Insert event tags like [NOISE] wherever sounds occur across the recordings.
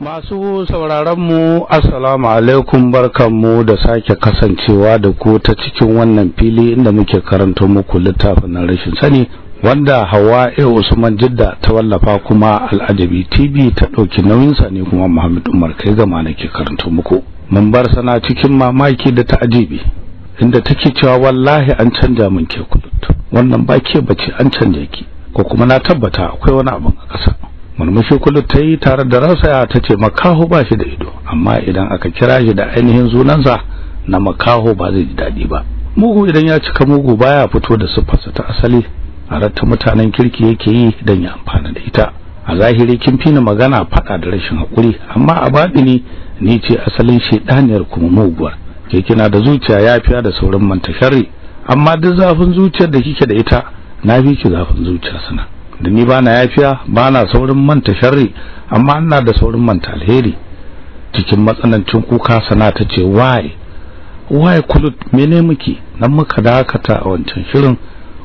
Masu mu Assalamu alaikum barkanmu da sake kasancewa da ku ta cikin wannan fili inda muke karanto muku littafin rashin sani wanda Hawa A Usman Jidda ta wallafa kuma Al'ajabi TV ta ɗauki sa ne kuma Muhammad Umar kai gama nake karanto muku. Mun bar sana cikin mamaki da ta'ajibi inda take cewa wallahi an canja min ke kulut. Wannan ba ke bace an canja ki ko kuma na tabbata akwai wani abin a ƙasa. murmushi kullu ta yi tare da rasaya ta ce makaho ba shi da ido amma idan aka kira shi da ainihin sunansa na makaho ba zai ji daɗi ba mugu idan ya cika mugu baya fito da siffarsa ta asali a ratta mutanen kirki yake yi don ya amfana da ita a zahiri kin fina magana faɗa da rashin haƙuri amma a baɗini ni ce asalin shaidaniyar kuma muguwar ke kina da zuciya yafiya da saurin manta amma duk zafin zuciyar da kike da ita na fi ki zafin zuciyar sana da ni bana yafiya bana saurin manta sharri amma ina da saurin manta alheri cikin matsanancin kuka sana ta ce why why kulut mene muke nan muka dakata a wancan shirin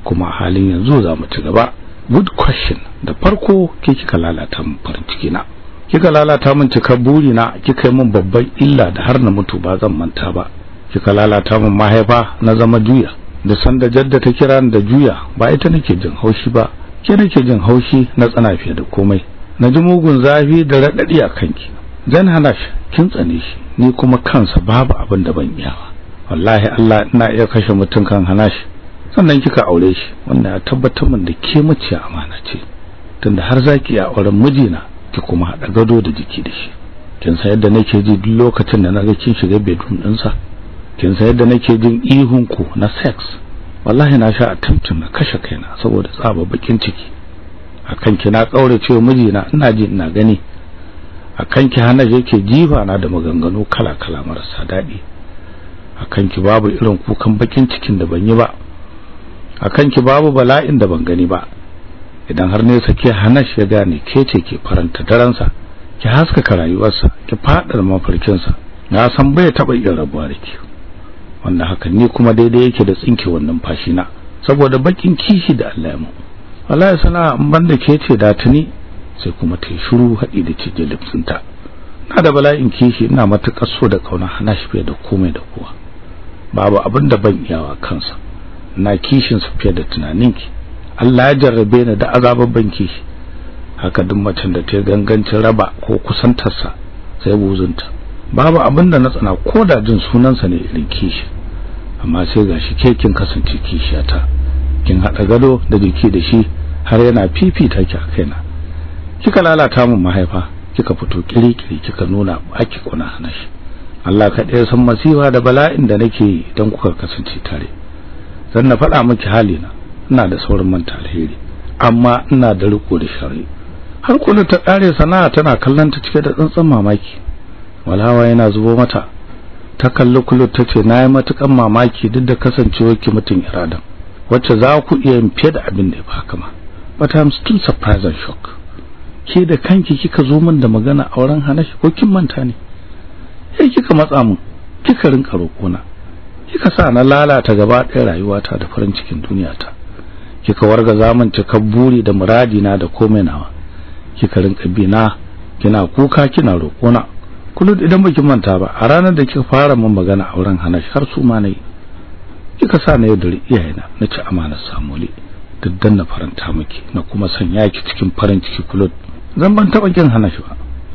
kuma halin yanzu za mu ci gaba good question da farko ke kika lalata min farin ciki na kika lalata min cikar buri na kika yi min babban illa da har na mutu ba zan manta ba kika lalata min mahaifa na zama juya da sanda jadda ta kira da juya ba ita nake jin haushi ba ki nake jin haushi na tsana fiye da komai na ji mugun zafi da raɗaɗi a kanki hana shi kin tsane shi ni kuma kansa babu abin da ban iya wallahi Allah ina iya kashe mutum kan shi sannan kika aure shi wannan ya tabbatar min da ke mace amana ce tunda har zaki ya auren mijina ki kuma haɗa gado da jiki da shi kin san yadda nake ji duk lokacin da na ga kin shiga bedroom ɗinsa kin san yadda nake jin ihun ku na sex wallahi na sha attempting na kashe kaina saboda tsaba bakin ciki akan ki na kaure cewa mijina ina ji ina gani akan ki hana yake jifa na da maganganu kala kala marasa dadi akan ki babu irin kukan bakin cikin da ban yi ba akan ki babu bala'in da ban gani ba idan har ne sake hanash ya gane ke ce ke faranta sa ki haska haskaka rayuwarsa ki fadar mafarkinsa na san bai taba yin rabuwa da ke. wanda hakan ni kuma daidai yake da tsinke tsinkewar numfashi na saboda bakin kishi da Allah ya mu ya sana in banda ke ce da tuni sai kuma ta shiru haɗi da cije lipsinta na da bala'in kishi ina matukar so da kauna hana shi fiye da komai da kowa babu abin da ban iyawa kansa na kishin su fiye da tunaninki Allah ya jarrabe ni da azababban kishi haka duk macen da ta gangancin raba ko kusantarsa sai buzunta babu abin da na tsana ko da jin sunansa ne irin kishi amma sai gashi kekin kin kasance kishiyata kin hada gado da jiki da shi har yana fifita ki a kaina kika lalata mun mahaifa kika fito kirikiri kika nuna aki kuna hana Allah ka ɗaya san masifa da bala'in da nake dan kuka kasance tare dan na fada miki halina ina da saurin manta alheri amma ina da riko da shari har kullun ta ƙare sana'a tana kallon cike da tsantsan mamaki walawa yana zubo mata ta kalli kulut tace nayi matukan mamaki duk da kasancewar ki mutun iradan wacce za ku iya yin fiye da abin da ya baka ma but i'm still surprised and shocked ke da kanki kika zo min da magana auren hanashi ko kin manta ne sai eh, kika matsa mun kika rinka na kika sa na lalata gaba ɗaya rayuwata da farin cikin duniyata kika warga zaman cikar buri da muradi na da komai nawa kika rinka bina kina kuka kina na. kullu idan baki manta ba a ranar da kika fara mun magana a wurin hana har su ma nayi kika sa na yaddare iyayena na ci amanar samuli duk na faranta miki na kuma sanya ki cikin farin ciki kullu zan ban taba kin hana shi ba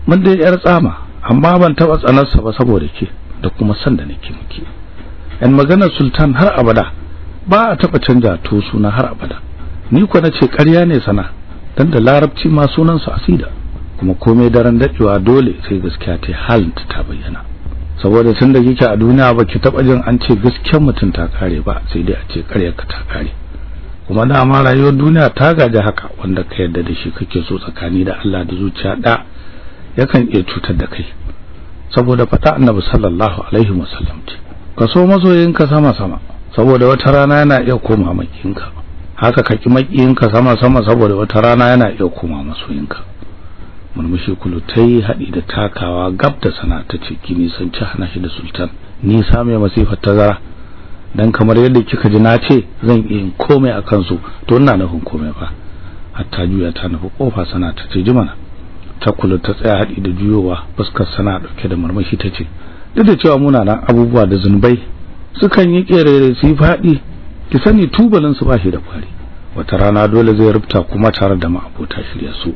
mun dai yar tsama amma ban taba sa ba saboda ke da kuma san da nake miki yan maganar sultan har abada ba a taba canja to suna har abada ni ko nace ƙarya ne sana dan da larabci ma sunansa asida kuma komai daren daɗewa dole sai gaskiya ta halin ta bayyana saboda tun da kike a duniya baki taba jin an ce gaskiyar mutum ta kare ba sai dai a ce karyarka ta kare kuma da dama rayuwar duniya ta gaji haka wanda ka yarda da shi kake so tsakani da Allah da zuciya da yakan iya cutar da kai saboda fata annabi sallallahu alaihi wasallam ce ka so masoyinka sama sama saboda wata rana yana iya koma makiyinka haka ka ki makiyinka sama sama saboda wata rana yana iya koma masoyinka murmushi kulutai haɗi da takawa gab da sana ta ce ki nisanci hana shi da sultan nisa mai masifar tazara dan kamar yadda kika ji na ce zan iya komai a kansu to ina nufin komai fa hatta juya ta nufi kofa sana ta ce ji mana ta kula tsaya haɗi da juyowa fuskar sana ɗauke da murmushi ta ce duk da cewa munanan abubuwa da zunubai sukan yi ƙerere su yi faɗi ki sani tubalin su ba shi da kwari wata rana dole zai rubta kuma tare da ma'abota shirya su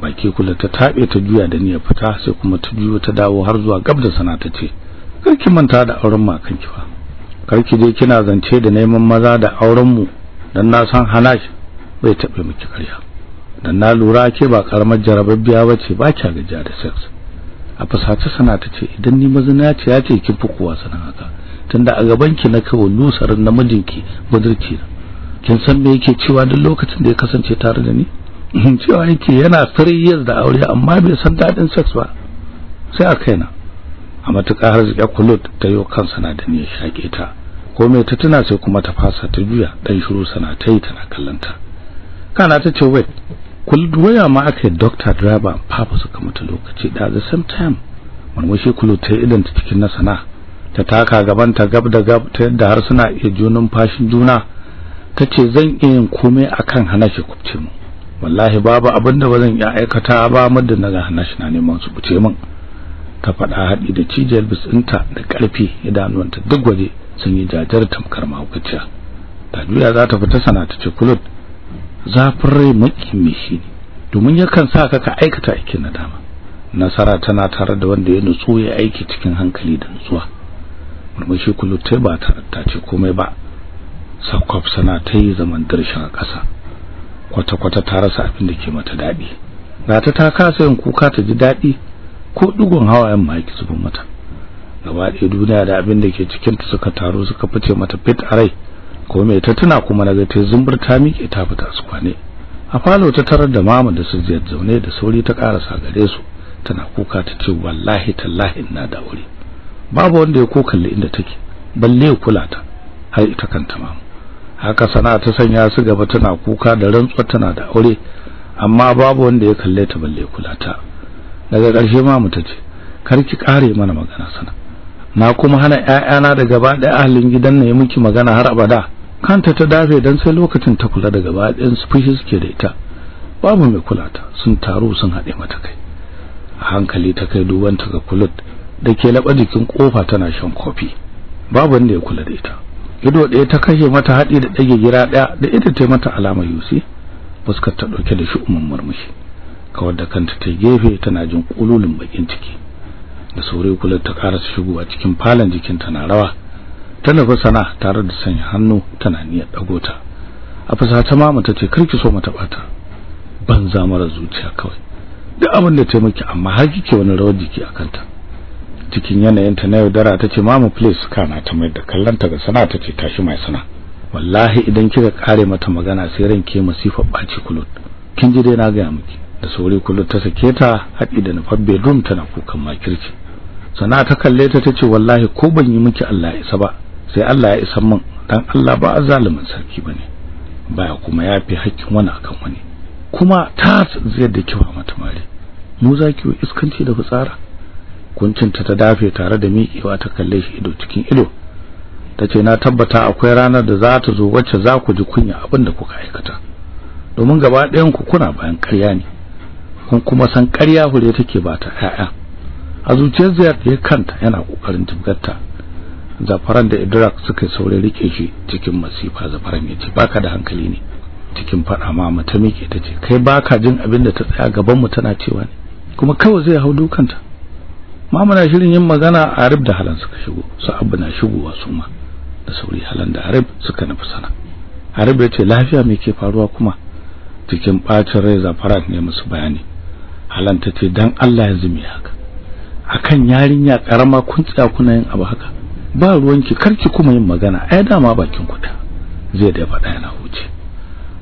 baki kula ta tabe ta juya da niyyar fita sai kuma ta juyo ta dawo har zuwa gab da sana ta ce karki manta da auren makanki fa karki je kina zance da neman maza da auren mu dan na san hana shi bai tabe miki karya dan na lura ke ba karamar jarababbiya bace ba kya gajiya da sex a fasace sana ta ce idan ni mazina ce ya ce kin fi kowa sanan haka tunda a gaban ki na kawo lusarin namijinki budurki kin san me yake cewa duk lokacin da ya kasance tare da ni [LAUGHS] cewa yake yana 3 da aure amma bai san dadin sex ba sai a kaina a matuƙa har zuƙa kulut ta yi kan na da ne shaƙe ta mai ta tuna sai kuma ta fasa ta juya ɗan shiru sana ta yi tana kallanta kana ta ce wait kulut waya ma aka yi doctor driver papa suka mutu lokaci da the same time murmushi kulut ta yi idan ta cikin nasana ta taka gaban ta gab da gab ta yadda har suna iya junan fashin juna Ta ce zan iya yin komai akan hana shi kubce mu wallahi babu abin da bazan iya aikata ba muddin na ga na neman su buce min ta faɗa haɗi da cijiyar bisinta da ƙarfi idanuwanta duk waje sun yi jajar tamkar mahaukaciya ta juya za ta fita sana ta ce kulut zafin rai makimi shi ne domin yakan sa ka aikata aikin na dama nasara tana tare da wanda ya nutsu ya aiki cikin hankali da nutsuwa murmushi kulut ta ba ta ce komai ba sakwaf sana ta yi zaman darshen ƙasa kwata-kwata ta rasa abin da ke mata daɗi gata ta kasa yin kuka ta ji daɗi ko ɗigon hawayen ma su bin mata gaba ɗaya duniya da abin da ke cikin ta suka taru suka fice mata fit a rai ko mai ta tuna kuma na ta zumbur ta miƙe ta fita su kwane a falo ta tarar da mama da su zaune da sauri ta karasa gare su tana kuka ta ce wallahi tallahi ina da aure babu wanda ya ko kalli inda take balle ya kula ta har ita kanta mama haka sana ta sanya su gaba tana kuka da rantsuwa tana da aure amma babu wanda ya kalle ta balle kula ta daga ƙarshe ma ta ce kar ki kare mana magana sana na kuma hana ƴaƴana da gaba ɗaya ahlin gidan ne miki magana har abada kanta ta dafe dan sai lokacin ta kula da gaba ɗin su fushi suke da ita babu mai kula ta sun taru sun haɗe mata kai a hankali ta kai duban ta ga kulut da ke laɓa jikin kofa tana shan kofi babu wanda ya kula da ita ido ɗaya ta kashe mata haɗi da ɗage gira ɗaya da ita ta mata alama yusi fuskar ta ɗauke da shi umar murmushi kawar da kanta ta gefe tana jin ƙululin bakin ciki da saurin kula ta shigo shigowa cikin falon jikin ta na rawa ta nufi sana tare da sanya hannu tana niyyar ɗago ta a fasata mama ta ce karki so mata bata banza mara zuciya kawai duk abin da ta amma har kike wani rawar jiki a kanta cikin yanayinta na yaudara ta ce mamu please kana ta mai da kallanta ga sana ta ce tashi mai sana wallahi idan kika kare mata magana sai ranke masifa baci kulut kin ji dai na ga miki da sauri kulut ta sake ta haɗi da nufar bedroom tana kukan kirki. sana ta kalle ta ce wallahi ko ban yi miki Allah ya isa ba sai Allah ya isa min dan Allah ba azalimin sarki bane baya kuma ya fi hakkin wani akan wani kuma ta zai da kiwa mata mare mu zaki iskanci da fitsara hukuncinta ta dafe tare da miƙewa ta kalle shi ido cikin ido tace na tabbata akwai ranar da za ta zo wacce za ku ji kunya abin da kuka aikata domin gaba ɗayan ku kuna bayan ƙarya ne kun kuma san ƙarya hure take ba ta ƴaƴa a zuciyar ziyar da kanta yana kokarin tubgarta zafaran da idrak suka saurare rike shi cikin masifa zafaran ya ce baka da hankali ne cikin faɗa ma mata mike tace kai baka jin abin da ta tsaya gaban mu tana cewa ne kuma kawai zai hau dukanta ma muna shirin yin magana arif da halan suka shigo su abu na shigowa su ma da sauri halan da arif suka nufi sana arif ya ce lafiya me ke faruwa kuma cikin bacin rai zafarat ne musu bayani halan ta ce dan Allah ya zumi haka akan yarinya karama kun tsaya kuna yin abu haka ba ruwanki karki kuma yin magana ai dama bakin kuta zai da faɗa yana huce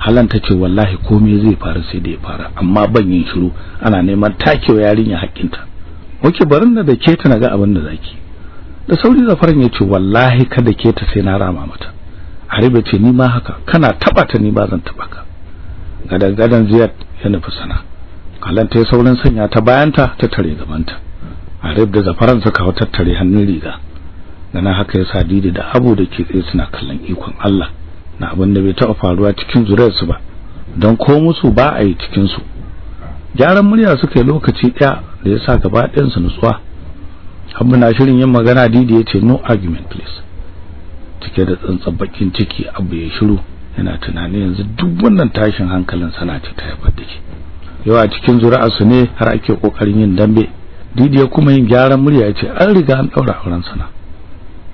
halan ta ce wallahi komai zai faru sai da ya fara amma ban yin shiru ana neman takewa yarinya haƙinta muke barin da ke ta naga abin da zaki da sauri zafaran ya ce wallahi kada ke ta sai na rama mata haribe ce ni ma haka kana taba ta ni ba zan taba ka gadan gadan ziyat ya nufi sana kalan ta saurin sanya ta bayanta ta tare gabanta harib da zafaran suka hau tattare hannun riga gana haka ya sa didi da abu da ke tsaye suna kallon ikon Allah na abin da bai taba faruwa cikin zuriyarsu ba don ko musu ba a yi su gyaran murya suka yi lokaci ɗaya da ya sa gaba su nutsuwa har na shirin yin magana didi ya ce no argument please cike da tsantsan bakin ciki abu ya shiru yana tunani yanzu duk wannan tashin hankalin sana ce ta haifar da shi yawa cikin zuri'arsu ne har ake kokarin yin dambe didi ya kuma yin gyaran murya ya ce an riga an ɗaura auren sana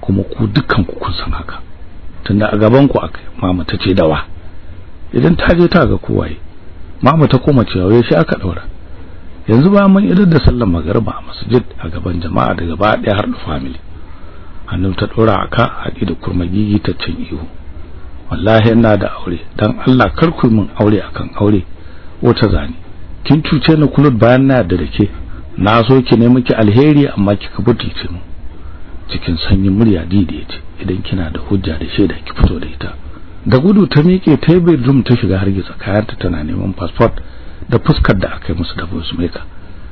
kuma ku dukkan ku kun san haka tunda a gaban ku akai mama ta ce dawa idan ta je ta ga kowaye mama ta koma cewa shi aka ɗaura yanzu ba mun idar da sallar magriba a masjid a gaban jama'a da gaba ɗaya har da family hannun ta dora aka haɗi da kurmagigi ta cin ihu wallahi ina da aure dan Allah kar ku mun aure akan aure wata zani kin cuce ni kulut bayan na da dake na so ki ne miki alheri amma kika butulce mu cikin sanyin murya didi ce. idan kina da hujja da shaida ki fito da ita da gudu ta miƙe ta room ta shiga hargitsa kayanta tana neman passport da fuskar da aka yi musu da bus maker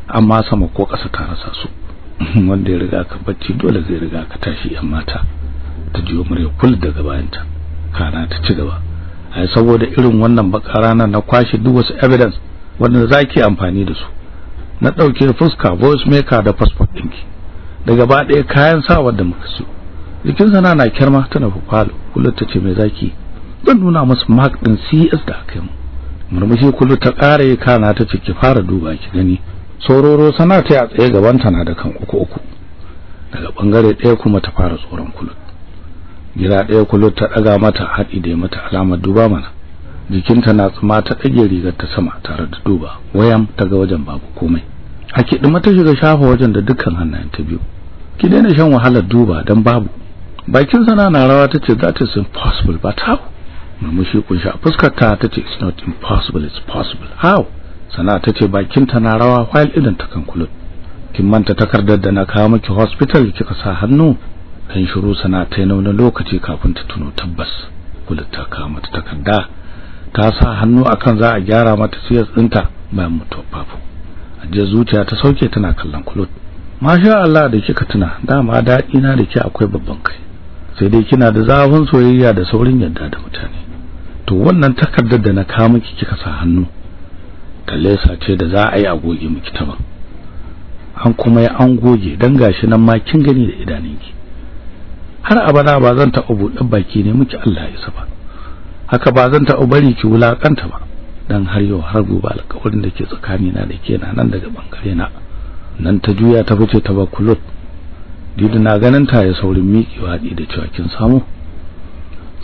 amma sama ko ƙasa ta rasa su [LAUGHS] wanda ya riga ka bacci dole zai riga ka tashi yan mata ta jiyo murya kul daga bayanta kana ta ci gaba ai saboda irin wannan ranar na kwashi duk wasu evidence wanda zaki amfani da su na dauke fuska voice maker da passport dinki da gaba ɗaya kayan sawa da muka so jikin sana na kyarma tana fufalo kullu tace me zaki zan nuna musu mark din CS da akai mu murmushi kullu ta yi kana ta ciki fara duba ki gani sororo sana ta ya tsaye gaban ta na da kan uku uku daga bangare ɗaya kuma ta fara tsoron kullu gida ɗaya kullu ta daga mata haɗi da mata alamar duba mana jikinta na tsuma ta ɗage rigar ta sama tare da duba wayam ta ga wajen babu komai haki ɗuma ta shiga shafa wajen da dukkan hannayen ta biyu ki daina shan wahalar duba dan babu bakin sana na rawa tace that is impossible but how murmushi kunshi a fuskar ta tace it's not impossible it's possible how sana tace bakin ta na rawa while idan ta kankulut kin manta takardar da na kawo miki hospital kika sa hannu kan shiru sana ta na wani lokaci kafin ta tuno tabbas kulut ta kawo mata takarda ta sa hannu akan za a gyara mata siyas dinta bayan mutuwar babu je zuciya ta sauke tana kallon kulut masha Allah da kika tuna dama daɗi na da ke akwai babban kai sai dai kina da zafin soyayya da saurin yadda da mutane to wannan takardar da na kawo miki kika sa hannu kalesa ce da za a yi a goge miki ta ba an kuma ya an goge dan gashi nan ma kin gani da idaninki har abada ba zan taɓa buɗe baki ne miki Allah ya saba. haka ba zan taɓa bari ki wulakanta ba dan har yau har gobe alƙawarin da ke tsakanina da ke nan daga bangare na nan ta juya ta fice ta ba kulot didi na ganin ta ya saurin miƙewa da cewa kin samu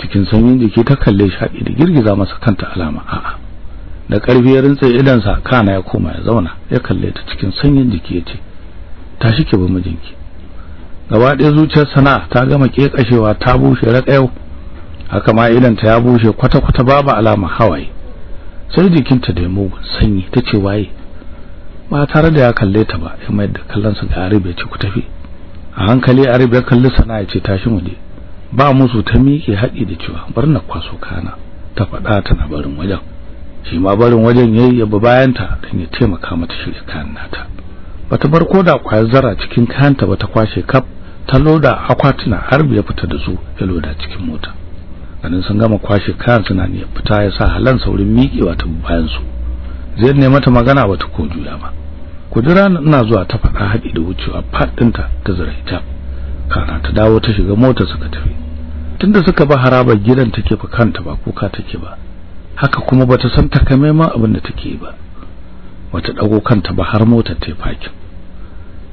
cikin sanyin jiki ta kalle shi haɗi da girgiza masa kanta alama a'a da ƙarfi ya rintsa sa kana ya koma ya zauna ya kalle ta cikin sanyin jiki ya ce tashi ki bi mijinki gaba ɗaya zuciyar sana ta gama ƙeƙashewa ta bushe raƙayau haka ma idanta ya bushe kwata-kwata babu alama hawaye sai jikinta da ya mugun sanyi ta ce waye ba tare da ya kalle ta ba ya mayar da kallonsa ga arib ya ce ku tafi a hankali arib ya kalli sana ya ce tashi mu je ba musu ta miƙe haɗi da cewa bar na kwaso kana ta faɗa tana barin wajen shi ma barin wajen yayi ya bayan bayanta don ya taimaka mata shirya kayan nata bata bar koda kwayar zara cikin kayanta ba ta kwashe kaf ta loda akwatuna har ya fita da su ya loda cikin mota ganin sun gama kwashe kayan suna ne fita ya sa halan saurin miƙewa ta bayan su zai ne mata magana ba ta ko juya ba kudura ina zuwa ta faɗa haɗi da wucewa faɗinta ta zira hijab kana ta dawo ta shiga mota suka tafi tunda suka ba haraba gidan take fa kanta ba kuka take ba haka kuma bata san takamaiman abin da take ba wata dago kanta ba har motar ta fakin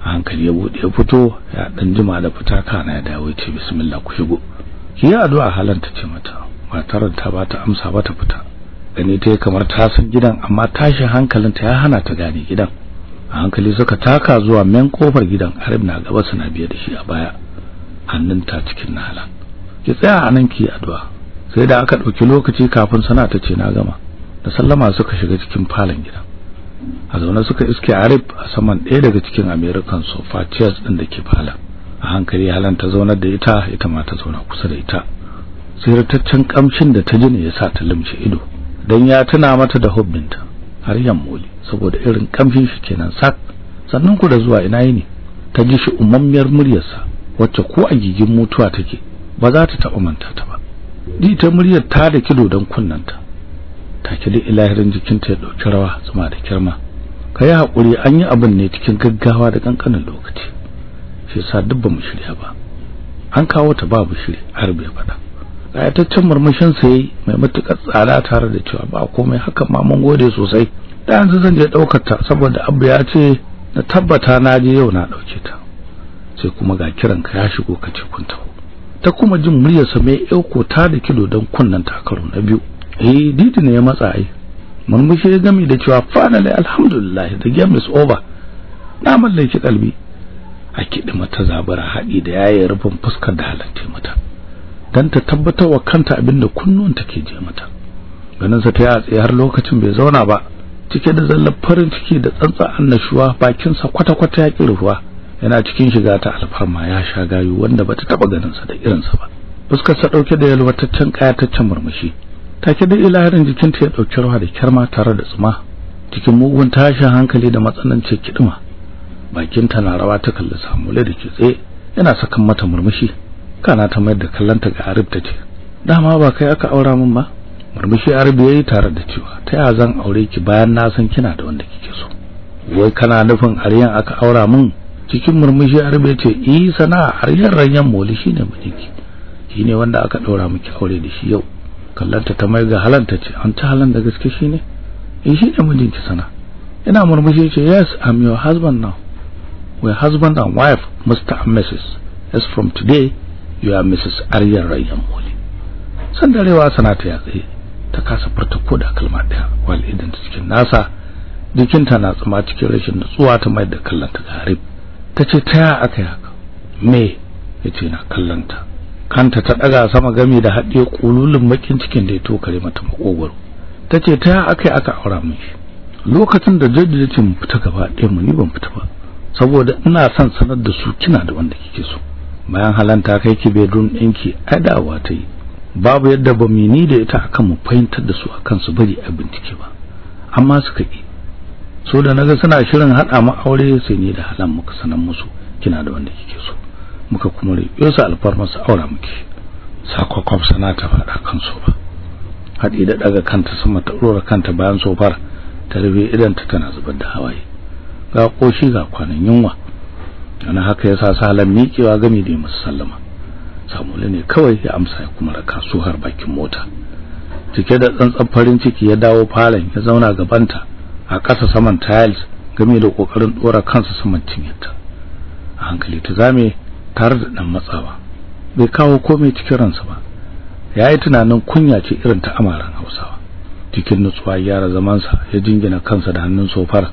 a hankali ya bude ya fito ya dan jima da fita kana ya dawo ya ce bismillah ku shigo ki yi addu'a halanta ce mata matar ta ba ta amsa ba ta fita gani ta kamar ta san gidan amma tashin hankalinta ya hana ta gane gidan a hankali suka taka zuwa men kofar gidan harib na gaba suna biye da shi a baya hannunta cikin nalan ki tsaya anan nan ki addu'a sai da aka ɗauki lokaci kafin sana ta ce na gama da sallama suka shiga cikin falon gida a zaune suka iske arif a saman ɗaya daga cikin american sofa chairs ɗin da ke falon a hankali halan ta zaunar da ita ita ma ta zauna kusa da ita sirtaccen kamshin da ta ji ne ya sa ta limshe ido dan ya tuna mata da hubbinta har yammoli saboda irin kamshin shi kenan sak sannan ku da zuwa ina yi ne ta ji shi umammiyar muryarsa wacce ko a gigin mutuwa take ba za ta taba manta ta ba ni ta muryar ta da kido don kunnanta take da ilahirin jikinta ya ɗauki rawa tsuma da kirma ka hakuri an yi abin ne cikin gaggawa da ƙanƙanin lokaci shi sa duk ba mu shirya ba an kawo ta babu shiri har bai faɗa ƙayataccen murmushin sa yayi mai matuƙar tsada tare da cewa ba komai haka ma mun gode sosai da yanzu zan je daukar ta saboda abu ya ce na tabbata na je yau na ɗauke ta sai kuma ga kiran ka ya shigo ka ce kun tafi ta kuma jin muryarsa mai yauko ta da kilo don kunnan takaro na biyu eh didi ne ya matsa ai murmushi ya gami da cewa finally alhamdulillah the game is over na mallaki kalbi a kiɗi mata zabara haɗi da yayi rufin fuskar da halarce mata dan ta tabbatar wa kanta abinda kunnuwan take je mata ganin sa ta tsaye har lokacin bai zauna ba cike da zallar farin ciki da tsantsa annashuwa bakin sa kwata-kwata ya ƙi ruwa yana cikin shiga ta alfarma ya sha gayu wanda bata taba ganin sa da irin sa ba fuskar sa dauke da yalwataccen kayataccen murmushi take da ilaharin jikinta ya dauki rawa da kyarma tare da tsuma cikin mugun tashin hankali da matsanancin kiduma bakin ta na rawa ta kalli Samule da ke tsaye yana sakan mata murmushi kana ta mayar da kallanta ga Arif ta ce dama ba kai aka aura min ba murmushi ya yayi tare da cewa ta ya zan aure ki bayan na san kina da wanda kike so wai kana nufin aryan aka aura min cikin murmushi har bai ce sana sana'a aryan ranyan moli shine mijinki shine wanda aka daura miki aure da shi yau kallanta ta mai ga halanta ce an ta halan da gaske shine eh shine mijinki sana ina murmushi ce yes i'm your husband now we husband and wife Mr and Mrs as from today you are Mrs aryan ranyan moli san darewa sana ta ya tsaye ta kasa furta da kalma daya idan cikin nasa jikinta na tsuma cikin rashin nutsuwa ta mai da kallanta ga harib ta ce ta aka yi me ya ce na kallonta kanta ta ɗaga sama gami da haɗe ƙululin bakin cikin da ya tokare mata makogwaro ta ce ta aka yi aka aura min lokacin da jirgin ya ce mu fita gaba ɗaya mu ni ban fita ba saboda ina son sanar da su kina da wanda kike so bayan halanta kai ki bedroom ɗinki adawa ta yi babu yadda ba mini da ita akan mu fahimtar da su akan su bari a bincike ba amma suka yi so da naga suna shirin hada mu aure sai ni da halan muka sanan musu kina da wanda kike so muka kuma riyo su alfarma su aura muke sakokon sana ta fada kan so ba hadi da daga kanta sama ta rora kanta bayan sofar ta rufe idan ta tana zubar da hawaye ga koshi ga kwanan yunwa ana haka yasa salan miƙewa gami da musu sallama samule ne kawai ya amsa ya kuma raka su har bakin mota cike da tsantsan farin ciki ya dawo falon ya zauna gabanta a ƙasa saman tiles game da kokarin dora kansa saman cinyata a hankali ta zame tare da dan matsawa bai kawo komai cikin ransa ba yayi tunanin kunya ce irin ta amaran Hausawa cikin nutsuwa yara sa ya jingina kansa da hannun sofar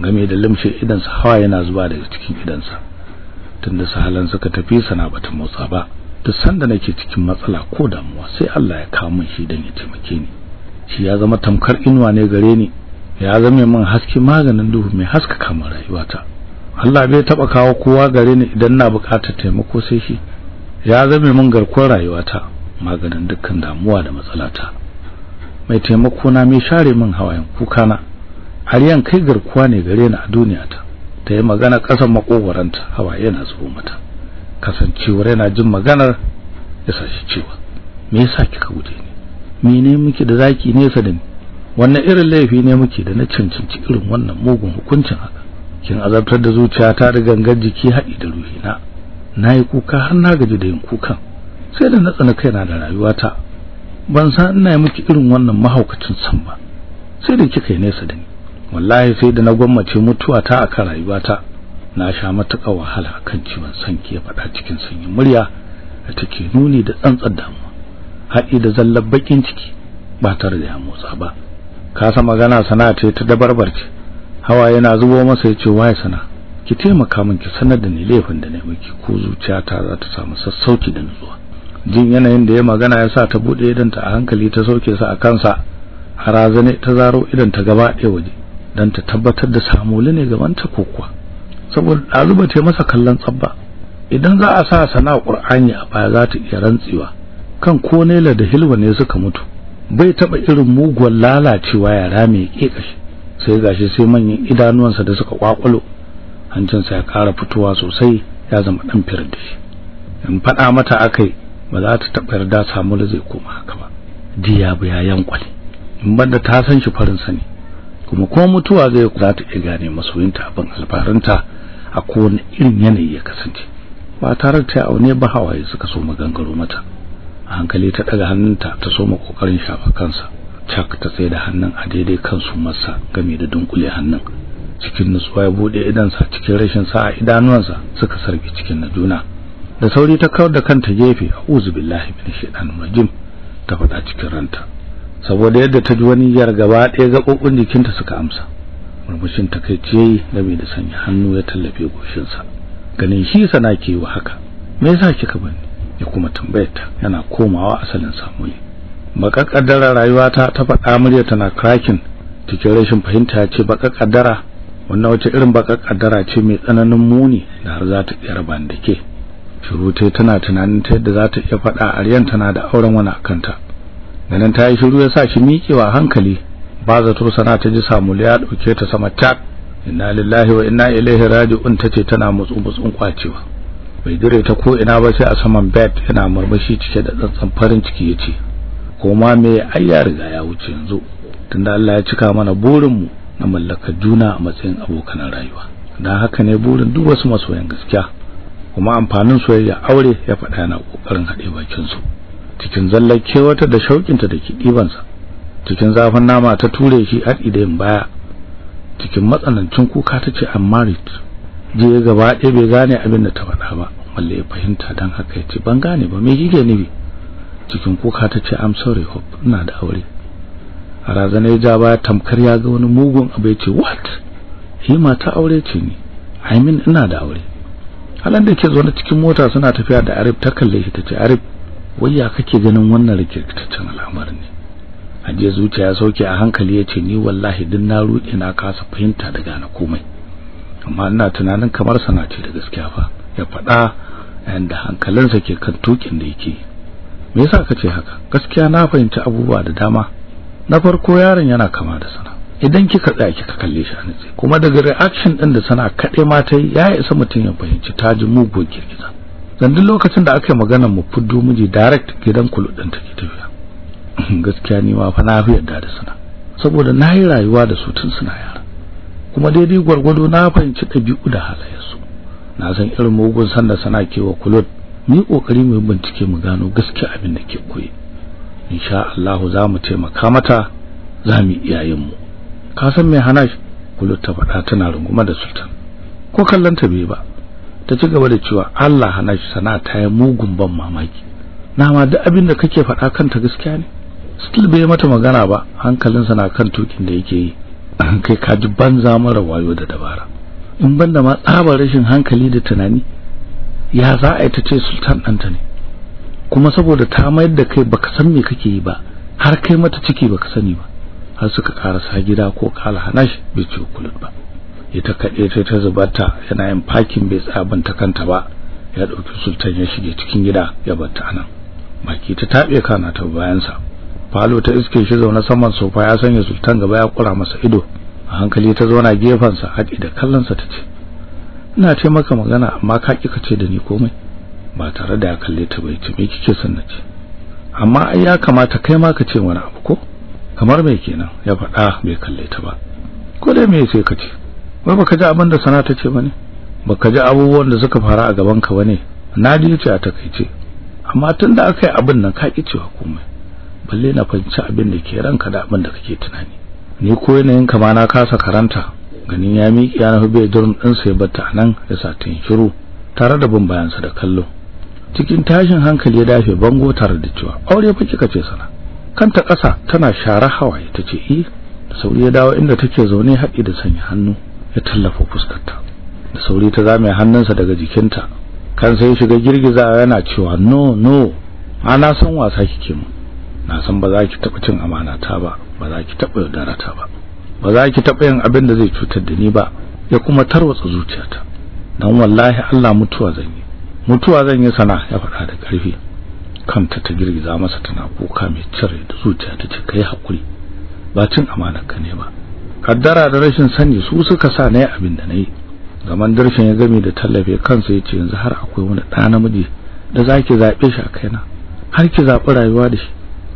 game da limshe sa hawa yana zuba daga cikin sa tunda sahalan suka tafi sana bata motsa ba duk sanda nake cikin matsala ko damuwa sai Allah ya kawo min shi dan ya taimake ni shi ya zama tamkar inuwa ne gare ni ya zama min haske maganin duhu mai haskaka kamar rayuwata Allah bai taba kawo kowa gare ni idan na bukatar taimako sai shi ya zama min garkuwar rayuwata maganin dukkan damuwa da matsalata mai taimako na mai share min hawayen kuka na har yan kai garkuwa ne gare ni a duniya ta Ta yi magana kasan makogaranta hawaye na zubo mata kasancewar yana jin maganar ya sashi cewa me yasa kika guje ni mene miki da zaki nesa da ni wannan irin laifi ne muke da na cancanci irin wannan mugun hukuncin haka kin azabtar da zuciya zuciyata da gangan jiki haɗi da ruhina nayi kuka har na gaji da yin kukan sai da na tsana kaina da rayuwata ban san ina yi miki irin wannan mahaukacin san ba sai da kika yi nesa da ni wallahi sai da na gwammace mutuwa ta akan rayuwata na sha matuƙa wahala kan ciwon san ke faɗa cikin sanyin murya da take nuni da tsantsar damuwa haɗi da zallar bakin ciki ba tare da ya motsa ba ka san magana sana ce ta dabar-barci, hawa yana zubo masa ya yace waye sana ki taimaka min ki sanar da ni laifin da nayi miki ko zuciyata za ta samu sassauci da nutsuwa jin yanayin da ya magana ya sa ta bude idan ta a hankali ta sauke sa a kansa harazane ta zaro idan ta gaba ɗaya waje dan ta tabbatar da samuli ne gaban ta kokwa saboda dazuba ta masa kallon tsabba idan za a sa sana qur'ani a baya za ta iya rantsewa kan ko nela da hilwa ne suka mutu bai taba irin muguwar lalacewa yara mai kekashi sai gashi sai manyan idanuwansa da suka kwakwalo hancinsa ya kara fitowa sosai ya zama dan firdish in faɗa mata akai ba za ta taɓa yarda samu da zai koma haka ba diya bu ya yankwale in banda ta san shi farin sa ne kuma ko mutuwa zai za ta iya gane masoyinta abin alfarinta a kowane irin yanayi ya kasance ba tare ta aune ba hawaye suka so magangaro mata hankali ta daga hannunta ta soma kokarin shafa kansa chak ta tsaye da hannun a daidai kansu masa game da dunkule hannun cikin nutsuwa ya bude idansa cikin rashin sa'a idanuwansa suka sarki cikin na juna da sauri ta kawar da kanta gefe uzu billahi min shaitan majim ta faɗa cikin ranta saboda yadda ta ji wani yar gaba ɗaya gaɓoɓin jikinta suka amsa murmushin takeice game da sanya hannu ya tallafe goshinsa ganin shi sana ke yi wa haka me yasa kika bani ya kuma tambayata yana komawa asalin samuli baka kaddara rayuwata ta faɗa murya tana cracking cikin rashin fahimta ya ce baka kaddara wannan wace irin baka kaddara ce mai tsananin muni da har za ta iya rabani da ke shirute tana tunanin ta yadda za ta iya faɗa aryan tana da auren wani akanta ganin ta yi shiru ya sa shi miƙewa hankali ba zato sana ta ji samuli ya dauke ta sama tak inna lillahi wa inna ilaihi raji'un tace tana mutsu mutsun kwacewa bai dire ta ko ina ba sai a saman bed yana murmushi cike da tsantsan farin ciki yace koma me ai ya riga ya wuce yanzu tunda Allah ya cika mana burin mu na mallakar juna a matsayin abokan rayuwa dan haka ne burin duk wasu masoyan gaskiya kuma amfanin soyayya aure ya faɗa yana kokarin haɗe bakin su cikin zallake wata da shauƙinta da ke sa cikin zafin nama ta ture shi har idan baya cikin matsanancin kuka tace ce I'm je gaba ɗaya bai gane abin da ta faɗa ba wanda ya fahimta dan haka ya ce ban gane ba me kike nibi cikin kuka ta ce am sorry hop ina da aure razana ya ja baya tamkar ya ga wani mugun abu ya ce what hi mata aure ce ni i mean ina da aure halan da ke zo na cikin mota suna tafiya da arif ta kalle shi ta ce arif wai ya kake ganin wannan rikirkitaccen al'amarin ne aje zuciya ya sauke a hankali ya ce ni wallahi din na ruɗe na kasa fahimta da gane komai amma ina tunanin kamar sana ce da gaskiya fa ya faɗa yanda hankalinsa ke kan tukin da yake me yasa ce haka gaskiya na fahimci abubuwa da dama na farko yaron yana kama da sana idan kika tsaya kika kalle shi anitse kuma daga reaction din da sana kade ma ta yi ya isa mutum ya fahimci ta ji mugun girgiza dan duk lokacin da aka yi magana mu fuddo miji direct gidan kuludin take tafiya [LAUGHS] gaskiya ni ma fa na fi yarda da sana saboda nayi rayuwa da su tun suna yara kuma daidai gwargwado na fahimci ɗabi'u da halayensu na san irin mugun sanda sana wa kulot ni kokari mu bincike mu gano gaskiya abin da ke koyi insha Allah za mu taimaka mata za mu iyayen mu ka san me hana shi kulot ta faɗa tana runguma da sultan ko kallon ta bai ba ta ci gaba da cewa Allah hana shi sana ta yi mugun ban mamaki na ma duk abin da kake faɗa kanta gaskiya ne still bai mata magana ba hankalinsa na kan tukin da yake yi kai ka ji banza mara wayo da dabara in banda ma tsabar rashin hankali da tunani ya za a yi ta ce sultan ɗanta ne kuma saboda ta mayar da kai baka san me kake yi ba har kai mata ciki baka sani ba har suka karasa gida ko kala hana shi bai ce kulut ba ita kaɗai ta ta zubarta yana yin fakin bai tsabin ta kanta ba ya ɗauki sultan ya shige cikin gida ya batta anan baki ta taɓe kana ta bayansa falo ta iske shi zaune saman sofa ya sanya sultan gaba ya kura masa ido a hankali ta zauna gefen sa haɗi da kallon sa tace ina ce maka magana amma ka kika ce da ni komai ba tare da ya kalle ta bai ce me kike son nace amma ai ya kamata kai ma ka ce wani abu ko kamar me kenan ya faɗa bai kalle ta ba ko dai me sai ka ce ba baka ji abinda da sana ta ce bane baka ji abubuwan da suka fara a gaban ka bane na ji ce a takeice amma tunda aka yi abin nan ka ki cewa komai balle na fanci abin da ke ranka da abin da kake tunani ni ko yanayin kama na kasa karanta ganin ya miƙi ya nufi bedroom din sai batta nan ya satin shiru tare da bin bayansa da kallo cikin tashin hankali ya dafe bango tare da cewa aure fa kika ce sana kanta ƙasa tana share hawaye tace eh da sauri ya dawo inda take zaune haɗi da sanya hannu ya tallafa fuskarta da sauri ta zame hannunsa daga jikinta kansa ya shiga girgizawa yana cewa no no ana san wasa kike mu na san ba za ki taɓa cin amana ta ba ba za ki taɓa yaudara ta ba ba za ki taɓa yin abin da zai cutar da ni ba ya kuma tarwatsa zuciyata dan wallahi Allah mutuwa zan yi mutuwa zan yi sana ya faɗa da ƙarfi kanta ta girgiza masa tana kuka mai cire da zuciya ta ce kai hakuri ba cin amana ka ne ba kaddara da rashin sani su suka sa nayi abin da yi. zaman darshin ya gami da tallafe kansa yace yanzu har akwai wani ɗa namiji da zaki zaɓe shi a kaina har ki zaɓi rayuwa da shi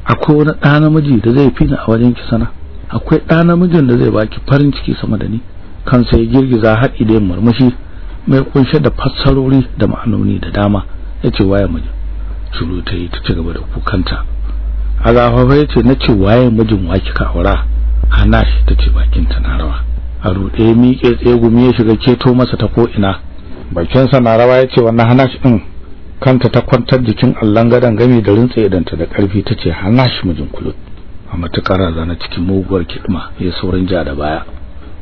akwai wani ɗa namiji da zai fi ni a wajen ki sana akwai ɗa namijin da zai baki farin ciki sama da ni kansa ya girgiza haɗi da murmushi mai kunshe da fassarori da ma'anoni da dama yace waye miji shiru ta yi ta ci gaba da kukanta a zafafa yace na ce waye mijin waki ka aura hana shi ta ce bakin na rawa a ruɗe miƙe tsegumi ya shiga ceto masa ta ko ina bakin na rawa yace wannan hana shi ɗin? kanta ta kwantar jikin allon gadon gami da rintsa idanta da karfi ce hana shi mijin kulut a matukar zana cikin muguwar kidma ya saurin ja da baya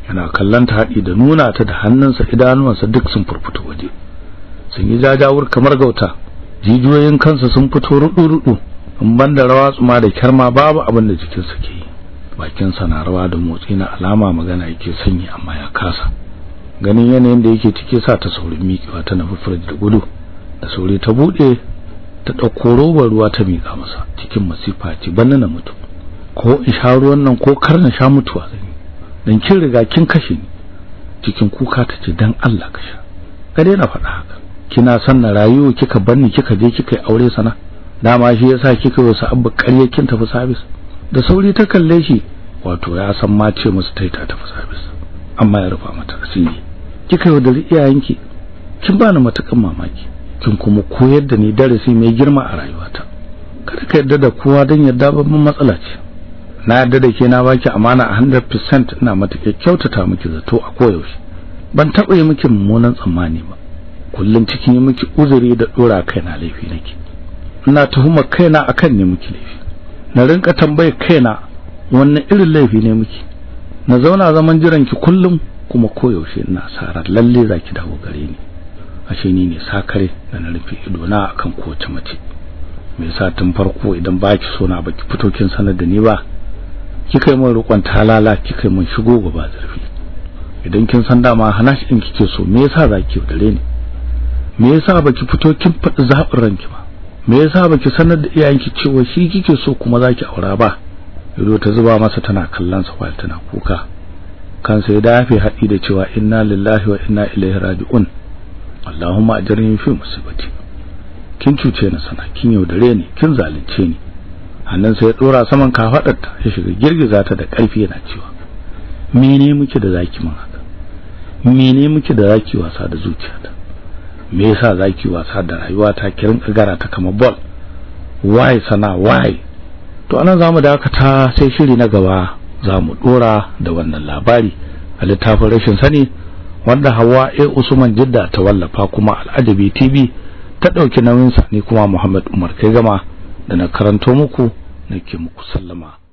yana kallon ta haɗi da nuna ta da hannunsa idanuwansa duk sun furfuto waje sun yi jajawur kamar gauta jijiyoyin kansa sun fito rudu-rudu in banda rawa tsuma da kyarma babu abin da jikinsa ke yi bakinsa na rawa da motsi na alama magana yake sanyi amma ya kasa ganin yanayin da yake cike sa ta saurin miƙewa tana firji da gudu da sauri ta bude ta dauko robar ruwa ta miƙa masa cikin masifa ci banna na mutu ko in sha ruwan nan ko kar na sha mutuwa zan dan kin riga kin kashe ni cikin kuka ta ce dan Allah ka sha ka daina faɗa haka kina san na rayuwa kika banni kika je kika yi aure sana dama shi yasa kika wasu abba ƙarya kin tafi sabis da sauri ta kalle shi wato ya san ma ce musu ta tafi sabis amma ya rufa mata asiri kika yaudari iyayenki kin bani matakan mamaki kin kuma koyar da ni darasi mai girma a rayuwata kada ka yarda da kowa dan yarda babban matsala ce na yarda da ke na baki amana 100% ina mata kyautata miki zato a koyaushe ban taɓa yi miki mummunan tsammani ba kullum cikin yi miki uzuri da dora kaina laifi nake ina tuhuma kaina akan ne miki laifi na rinka tambaye kaina wannan irin laifi ne miki na zauna zaman jiran ki kullum kuma koyaushe ina sarar lalle zaki dawo gare ni ashe ni ne sakare da na rufe ido na akan kowace mace me yasa tun farko idan baki so na baki fito kin sanar da ni ba kika yi min ta talala kika yi min shigo gaba zurfi idan kin san dama hana shi din kike so me yasa ki dare ni me yasa baki fito kin faɗi zaɓin ranki ba me yasa baki sanar da ki cewa shi kike so kuma za ki aura ba ido ta zuba masa tana kallon sa kwal tana kuka kansa ya dafe haɗi da cewa inna lillahi wa inna ilaihi raji'un Allahumma ajirni fi musibati kin cuce ni sana kin yaudare ni kin zalunce ni hannun sai ya dora saman kafadarta ya shiga girgiza ta da karfi yana cewa mene muke da zaki mun haka mene muke da zaki wasa da zuciyata me yasa zaki wasa da rayuwata kirin kagara ta kama ball why sana why to anan zamu dakata sai shiri na gaba zamu dora da wannan labari a littafin rashin sani wanda Hawa A Usman Jidda ta wallafa kuma Al'ajabi TV ta dauki nauyin sa ni kuma Muhammad Umar kai gama da na karanto muku nake muku sallama